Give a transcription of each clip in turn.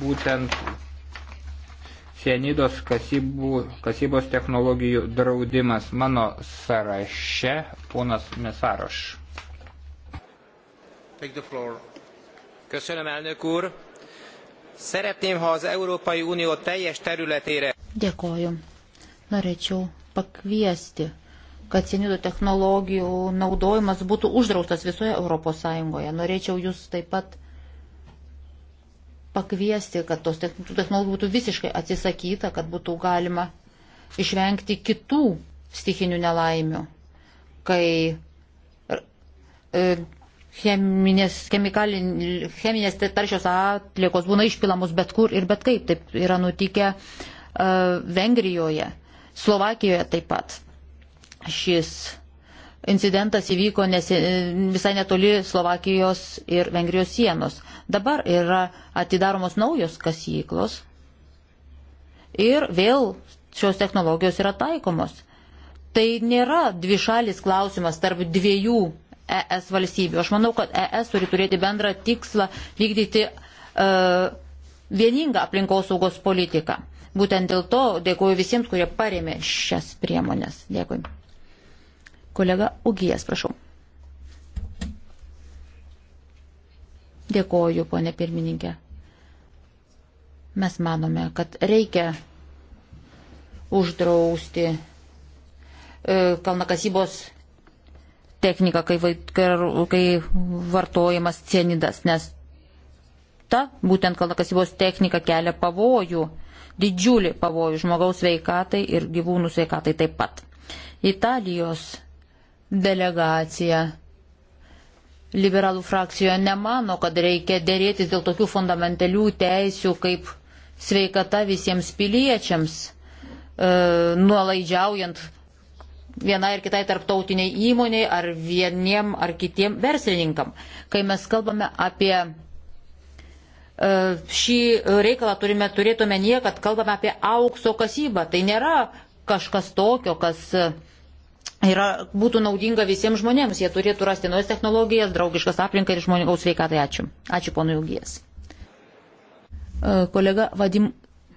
būtent sienidos kasybų, kasybos technologijų draudimas mano sąraše, ponas Mesaroš. Köszönöm, elnök úr! Szeretném, ha az Európai Unió teljes területére... Dėkoju. Norėčiau pakviesti, kad senidų technologijų naudojimas būtų uždraustas visoje Europos Sąjungoje. Norėčiau jūs taip pat pakviesti, kad tos technologijų būtų visiškai atsisakyta, kad būtų galima išvengti kitų stikinių nelaimių, kai e, cheminės, cheminės taršios atliekos būna išpilamos bet kur ir bet kaip. Taip yra nutikę uh, Vengrijoje, Slovakijoje taip pat. Šis Incidentas įvyko nesi, visai netoli Slovakijos ir Vengrijos sienos. Dabar yra atidaromos naujos kasyklos ir vėl šios technologijos yra taikomos. Tai nėra dvišalis klausimas tarp dviejų ES valstybių. Aš manau, kad ES turi turėti bendrą tikslą vykdyti uh, vieningą aplinkosaugos politiką. Būtent dėl to dėkuoju visiems, kurie paremė šias priemonės. Dėkui. Kolega Ugijas, prašau. Dėkoju, ponė pirmininkė. Mes manome, kad reikia uždrausti e, kalnakasybos techniką, kai, kai vartojamas cienidas, nes ta būtent kalnakasybos technika kelia pavojų, didžiulį pavojų žmogaus veikatai ir gyvūnų veikatai taip pat. Italijos delegacija liberalų frakcijoje nemano, kad reikia dėrėtis dėl tokių fundamentalių teisių kaip sveikata visiems piliečiams, e, nuolaidžiaujant vienai ar kitai tarptautiniai įmoniai ar vieniem ar kitiem verslininkam. Kai mes kalbame apie e, šį reikalą, turime turėti omenyje, kad kalbame apie aukso kasybą. Tai nėra kažkas tokio, kas yra, būtų naudinga visiems žmonėms. Jie turėtų rasti naujas technologijas, draugiškas aplinkai ir žmogaus sveikatai. Ačiū. Ačiū ponui Jūgijas. E, kolega Vadim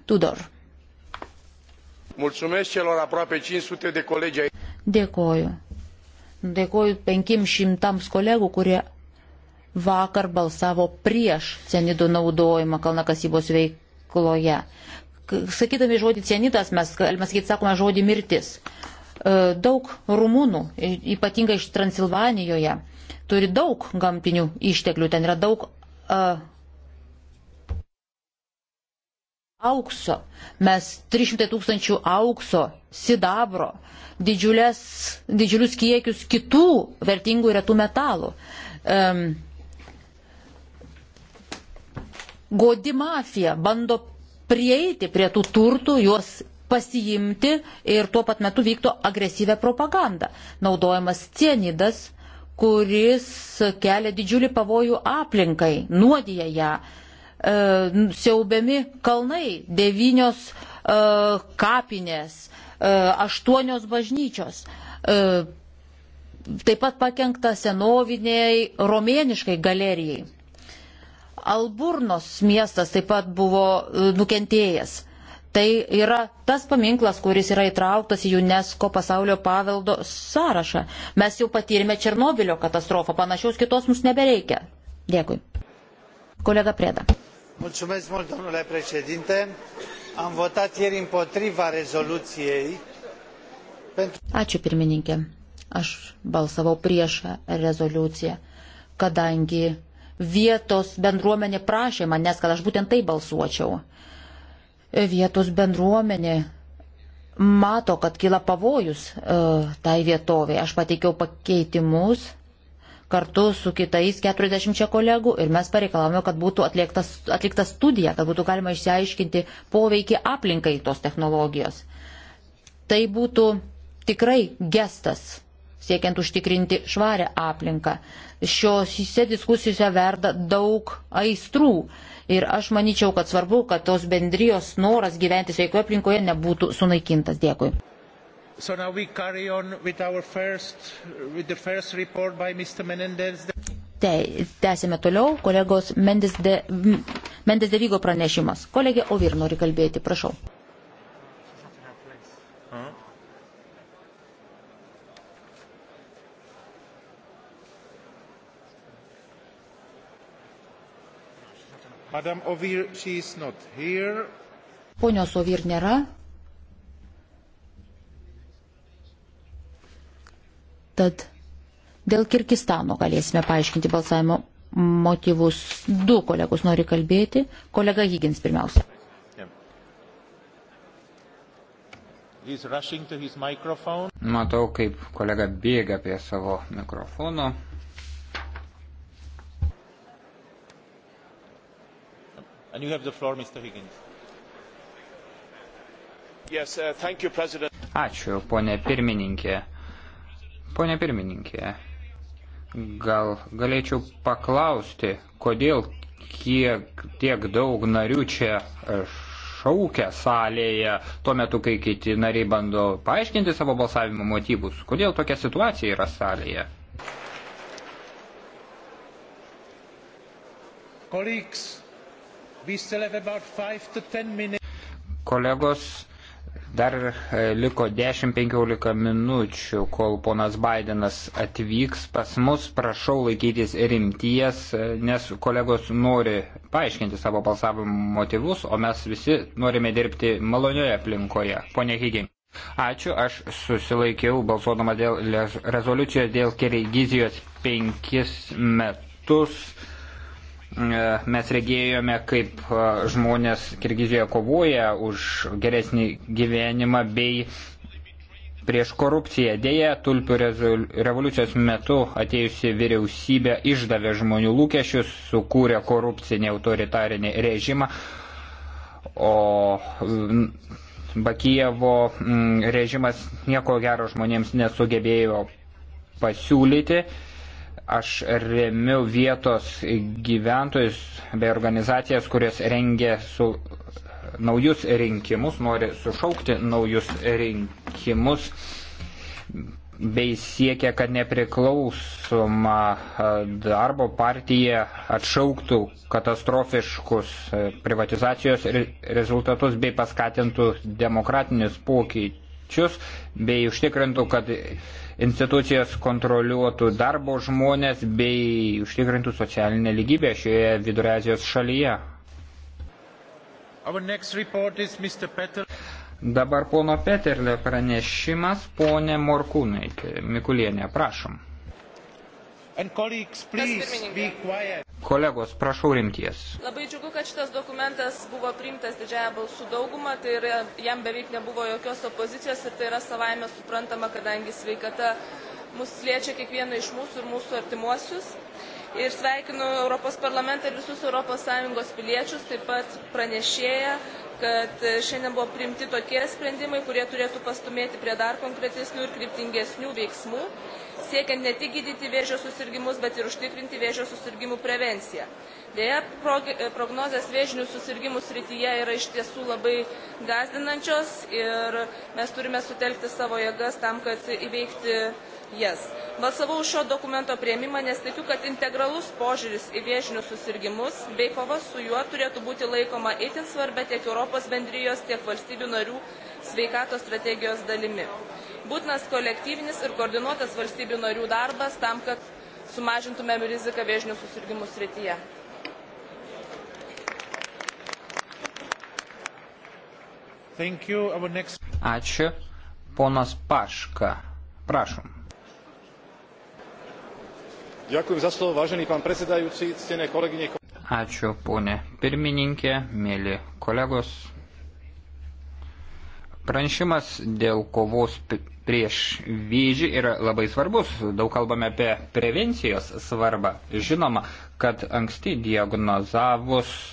Tudor. Mulțumesc celor aproape 500 de colegi aici. Dėkoju. Dėkoju penkim šimtams kolegų, kurie vakar balsavo prieš cenidų naudojimą kalnakasybos veikloje. Sakydami žodį cenitas, mes, mes sakyti, sakome žodį mirtis. E, daug rumunų, ypatingai iš Transilvanijoje, turi daug gamtinių išteklių, ten yra daug uh, aukso. Mes 300 tūkstančių aukso, sidabro, didžiulės, didžiulius kiekius kitų vertingų retų metalų. Um, godi mafija bando prieiti prie tų turtų, juos pasiimti ir tuo pat metu vykdo agresyvę propagandą. Naudojamas cienidas, kuris kelia didžiulį pavojų aplinkai, nuodija ją. E, siaubiami kalnai, devynios e, kapinės, e, aštuonios bažnyčios. E, taip pat pakengta senoviniai romėniškai galerijai. Alburnos miestas taip pat buvo e, nukentėjęs. Tai yra tas paminklas, kuris yra įtrauktas į UNESCO pasaulio paveldo sąrašą. Mes jau patyrėme Černobilio katastrofą, panašiaus kitos mums nebereikia. Dėkui. Kolega Preda. Mulțumesc mult, domnule președinte. Am votat ieri împotriva rezoluției. Pentru... Ačiū pirmininkė. Aš balsavau prieš rezoliuciją, kadangi vietos bendruomenė prašė manęs, kad aš būtent tai balsuočiau. Uh, vietos bendruomenė mato, kad kyla pavojus uh, tai vietovė. Aš pateikiau pakeitimus kartu su kitais 40 kolegų ir mes pareikalavome, kad būtų atliktas, atlikta studija, kad būtų galima išsiaiškinti poveikį aplinkai tos technologijos. Tai būtų tikrai gestas siekiant užtikrinti švarę aplinką. Šiose diskusijose verda daug aistrų. Ir aš manyčiau, kad svarbu, kad tos bendrijos noras gyventi sveikoje aplinkoje nebūtų sunaikintas. Dėkui. So first, Te, tęsime toliau kolegos Mendes de, Mendes de Vigo pranešimas. Kolegė Ovir nori kalbėti, prašau. Madame Ovir, she is not here. Ponios Ovir nėra. Tad dėl Kirgistano galėsime paaiškinti balsavimo motyvus. Du kolegos nori kalbėti. Kolega Higgins pirmiausia. Matau, kaip kolega bėga prie savo mikrofono. And you have the floor, Mr. Higgins. Yes, uh, thank you, President. Ačiū, ponė pirmininkė. Ponė pirmininkė, gal galėčiau paklausti, kodėl kiek, tiek daug narių čia šaukia salėje, tuo metu, kai kiti nariai bando paaiškinti savo balsavimo motyvus. Kodėl tokia situacija yra salėje? Colleagues, Kolegos, dar e, liko 10-15 minučių, kol ponas Bidenas atvyks pas mus. Prašau laikytis rimties, e, nes kolegos nori paaiškinti savo balsavimo motyvus, o mes visi norime dirbti malonioje aplinkoje. Pone Higiai. Ačiū, aš susilaikiau balsuodama dėl rezoliucijos dėl Kirgizijos penkis metus. E, mes regėjome, kaip e, žmonės Kirgizijoje kovoja už geresnį gyvenimą bei prieš korupciją. Deja, tulpių revoliucijos metu atėjusi vyriausybė išdavė žmonių lūkesčius, sukūrė korupcinį autoritarinį režimą, o Bakijevo režimas nieko gero žmonėms nesugebėjo pasiūlyti. Aš remiu vietos gyventojus bei organizacijas, kurios rengia su naujus rinkimus, nori sušaukti naujus rinkimus bei siekia, kad nepriklausoma darbo partija atšauktų katastrofiškus privatizacijos rezultatus bei paskatintų demokratinius pokyčius piliečius, bei užtikrintų, kad institucijas kontroliuotų darbo žmonės, bei užtikrintų socialinę lygybę šioje Vidurio Azijos šalyje. Dabar pono Peterle pranešimas, ponė Morkūnaitė, Mikulienė, prašom. Kolegos, prašau rimties. Labai džiugu, kad šitas dokumentas buvo priimtas didžiaja balsų dauguma, tai yra, jam beveik nebuvo jokios opozicijos ir tai yra savaime suprantama, kadangi sveikata mus liečia kiekvieną iš mūsų ir mūsų artimuosius. Ir sveikinu Europos parlamentą ir visus ES piliečius, taip pat pranešėją, kad e, šiandien buvo priimti tokie sprendimai, kurie turėtų pastumėti prie dar konkretesnių ir kryptingesnių veiksmų, siekiant ne tik gydyti vėžio susirgymus, bet ir užtikrinti vėžio susirgymų prevenciją. Deja, e, prognozės vėžinių susirgymų srityje yra iš tiesų labai gazdinančios ir mes turime sutelkti savo jėgas tam, kad įveikti jas. Balsavau šio dokumento prieimimą, nes tikiu, kad integralus požiūris į viešinius susirgymus bei kova su juo turėtų būti laikoma itin svarbia tiek Europos bendrijos, tiek valstybių narių sveikatos strategijos dalimi. Būtinas kolektyvinis ir koordinuotas valstybių narių darbas tam, kad sumažintumėm riziką viešinių susirgymų srityje. Next... Ačiū. Ponas Paška. Prašom. Ačiū, ponė pirmininkė, mėly kolegos. Pranešimas dėl kovos prieš vėžį yra labai svarbus. Daug kalbame apie prevencijos svarbą. Žinoma, kad anksti diagnozavus e,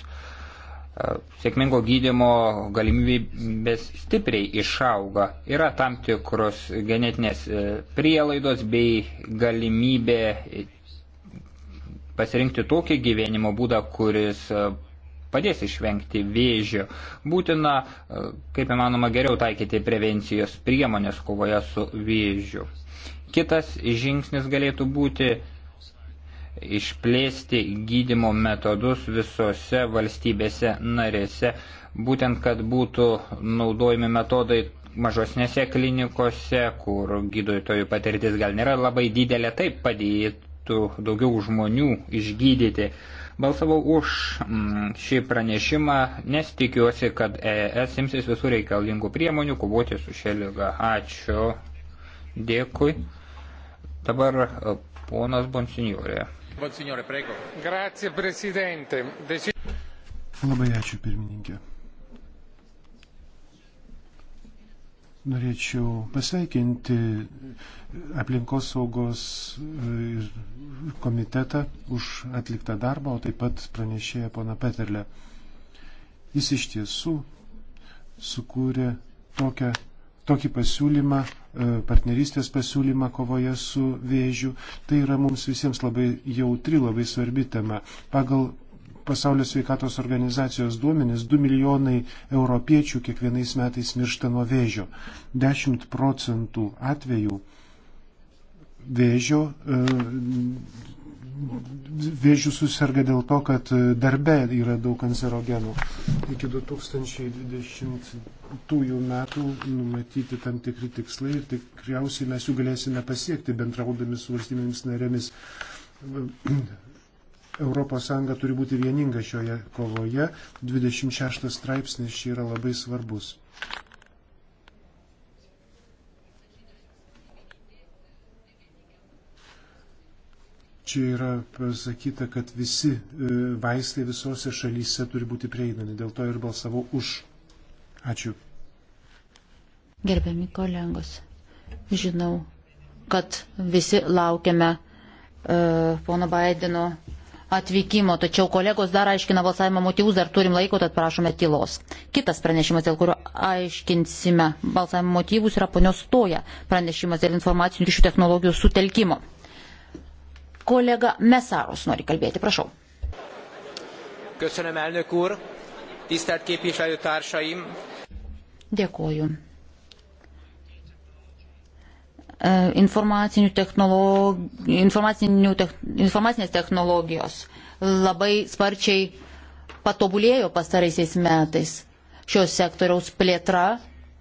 sėkmingo gydimo galimybės stipriai išauga. Yra tam tikros genetinės e, prielaidos bei galimybė pasirinkti tokį gyvenimo būdą, kuris e, padės išvengti vėžio. Būtina, e, kaip įmanoma, geriau taikyti prevencijos priemonės kovoje su vėžiu. Kitas žingsnis galėtų būti išplėsti gydimo metodus visose valstybėse narėse, būtent kad būtų naudojami metodai mažosnėse klinikose, kur gydytojų patirtis gal nėra labai didelė, taip padėtų reikėtų daugiau žmonių išgydyti. Balsavau už mm, šį pranešimą, nes tikiuosi, kad ES imsis visų reikalingų priemonių kovoti su šia lyga. Ačiū. Dėkui. Dabar e, ponas Bonsignorė. Bonsignorė, prego. Grazie, prezidente. Desi... Labai ačiū, pirmininkė. Norėčiau pasveikinti aplinkosaugos e, komitetą už atliktą darbą, o taip pat pranešėją pana Peterlę. Jis iš tiesų sukūrė tokią, tokį pasiūlymą, e, partnerystės pasiūlymą kovoje su vėžiu. Tai yra mums visiems labai jautri, labai svarbi tema. Pagal Pasaulio sveikatos organizacijos duomenis 2 milijonai europiečių kiekvienais metais miršta nuo vėžio. 10 procentų atvejų vėžio, e, vėžių susirga dėl to, kad e, darbe yra daug kancerogenų. Iki 2020 metų numatyti tam tikri tikslai ir tikriausiai mes jų galėsime pasiekti bendraudami su valstybėmis narėmis ES turi būti vieninga šioje kovoje. 26 straipsnis čia yra labai svarbus. Čia yra pasakyta, kad visi e, vaistai visose šalyse turi būti prieinami. Dėl to ir balsavau už. Ačiū. Gerbiami kolegos, žinau, kad visi laukiame uh, pono Baideno atvykimo, tačiau kolegos dar aiškina balsavimo motyvus, dar turim laiko, tad prašome tylos. Kitas pranešimas, dėl kurio aiškinsime balsavimo motyvus, yra ponios stoja pranešimas dėl informacinių ryšių technologijų sutelkimo. Kolega Mesaros nori kalbėti, prašau. Köszönöm, elnök úr, tisztelt képviselőtársaim. Dėkoju, E, informacinių technolog... informacinių te... informacinės technologijos labai sparčiai patobulėjo pastaraisiais metais. Šios sektoriaus plėtra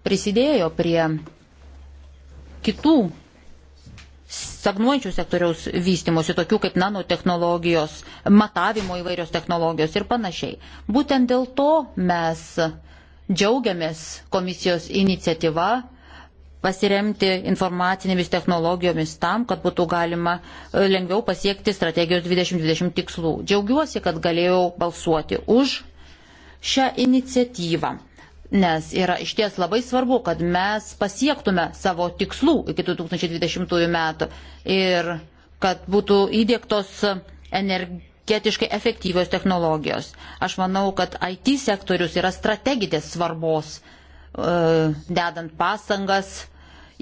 prisidėjo prie kitų stagnuojančių sektoriaus vystimosi, tokių kaip nanotehnologijos, matavimo įvairios technologijos ir panašiai. Būtent dėl to mes džiaugiamės komisijos iniciatyva pasiremti informacinėmis technologijomis tam, kad būtų galima e, lengviau pasiekti strategijos 2020 tikslų. Džiaugiuosi, kad galėjau balsuoti už šią iniciatyvą, nes yra iš ties labai svarbu, kad mes pasiektume savo tikslų iki 2020 metų ir kad būtų įdėktos energijos energetiškai efektyvios technologijos. Aš manau, kad IT sektorius yra strateginės svarbos, e, dedant pastangas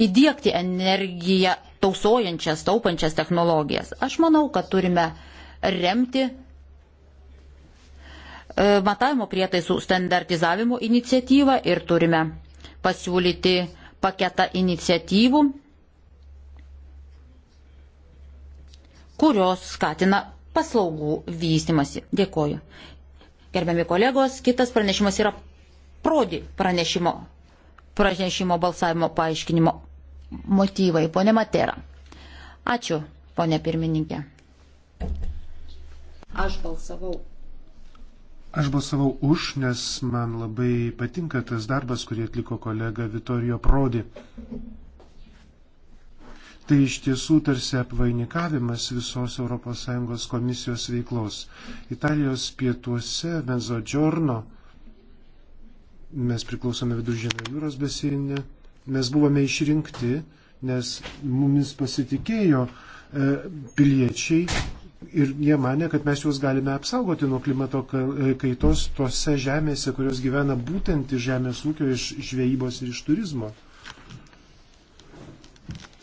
įdėkti energiją tausojančias, taupančias technologijas. Aš manau, kad turime remti e, matavimo prietaisų standartizavimo iniciatyvą ir turime pasiūlyti paketą iniciatyvų, kurios skatina paslaugų vystimasi. Dėkoju. Gerbiami kolegos, kitas pranešimas yra prodi pranešimo pranešimo balsavimo paaiškinimo motyvai. Pone Matera. Ačiū, ponė pirmininkė. Aš balsavau. Aš balsavau už, nes man labai patinka tas darbas, kurį atliko kolega Vitorijo Prodi. Tai iš tiesų tarsi apvainikavimas visos ES komisijos veiklos. Italijos pietuose Mezodžiorno Mes priklausome Viduržėmio jūros besienė. Mes buvome išrinkti, nes mumis pasitikėjo e, piliečiai ir jie mane, kad mes juos galime apsaugoti nuo klimato e, kaitos tose žemėse, kurios gyvena būtent iš žemės ūkio, iš žvejybos ir iš turizmo.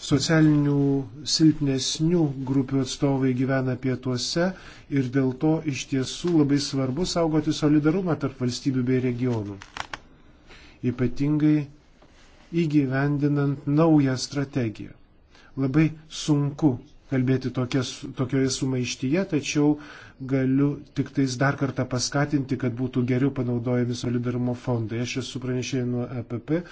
Socialinių silpnesnių grupių atstovai gyvena pietuose ir dėl to iš tiesų labai svarbu saugoti solidarumą tarp valstybių bei regionų ypatingai įgyvendinant naują strategiją. Labai sunku kalbėti tokias, tokioje sumaištyje, tačiau galiu tik tais dar kartą paskatinti, kad būtų geriau panaudojami solidarumo fondai. Aš esu pranešėjai nuo EPP e,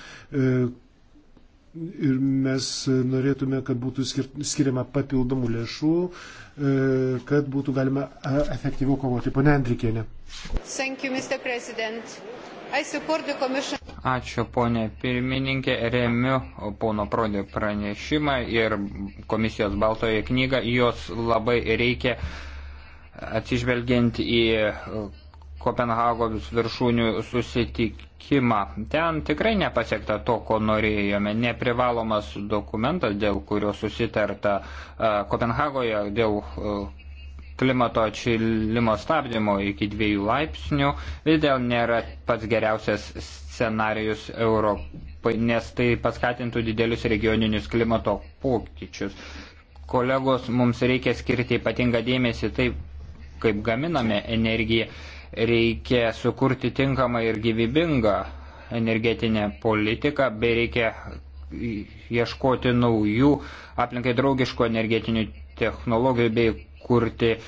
ir mes norėtume, kad būtų skiriama papildomų lėšų, e, kad būtų galima efektyviau kovoti. Pone Andrikėne. Thank you, Mr. President. I support the Commission Ačiū, ponė pirmininkė. Remiu pono Prodė pranešimą ir komisijos baltoje knygą. Jos labai reikia atsižvelgiant į Kopenhagos viršūnių susitikimą. Ten tikrai nepasiekta to, ko norėjome. Neprivalomas dokumentas, dėl kurio susitarta e, Kopenhagoje, dėl e, klimato atšilimo stabdymo iki dviejų laipsnių vis dėl nėra pats geriausias scenarius Europai, nes tai paskatintų didelius regioninius klimato pokyčius. Kolegos, mums reikia skirti ypatingą dėmesį taip, kaip gaminame energiją, reikia sukurti tinkamą ir gyvybingą energetinę politiką, bei reikia ieškoti naujų aplinkai draugiškų energetinių technologijų bei kurti e,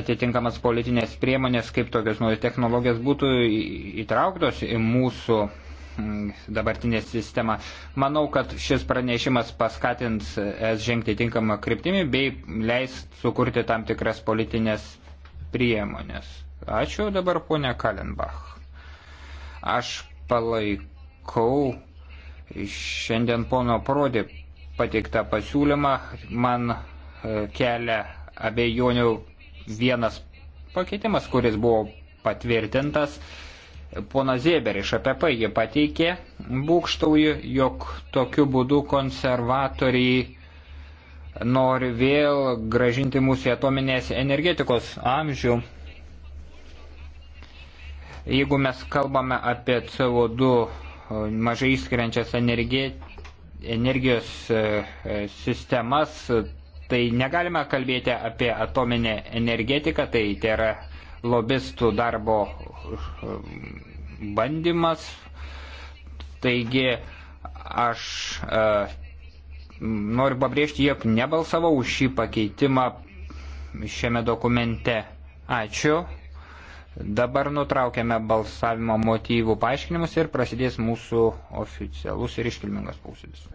atitinkamas politinės priemonės, kaip tokios naujos technologijos būtų įtrauktos į mūsų dabartinę sistemą. Manau, kad šis pranešimas paskatins es žengti tinkamą kryptimį bei leis sukurti tam tikras politinės priemonės. Ačiū dabar ponia Kalenbach. Aš palaikau šiandien pono Prodi pateiktą pasiūlymą. Man e, kelia abejonių vienas pakeitimas, kuris buvo patvirtintas. Pona Zieber iš APP jį pateikė būkštauju, jog tokiu būdu konservatoriai nori vėl gražinti mūsų atominės energetikos amžių. Jeigu mes kalbame apie CO2 e, mažai išskiriančias energi... energijos e, e, sistemas, tai negalime kalbėti apie atominę energetiką, tai tai yra lobistų darbo bandymas. Taigi aš e, noriu pabrėžti, jog nebalsavau už šį pakeitimą šiame dokumente. Ačiū. Dabar nutraukiame balsavimo motyvų paaiškinimus ir prasidės mūsų oficialus ir iškilmingas posėdis.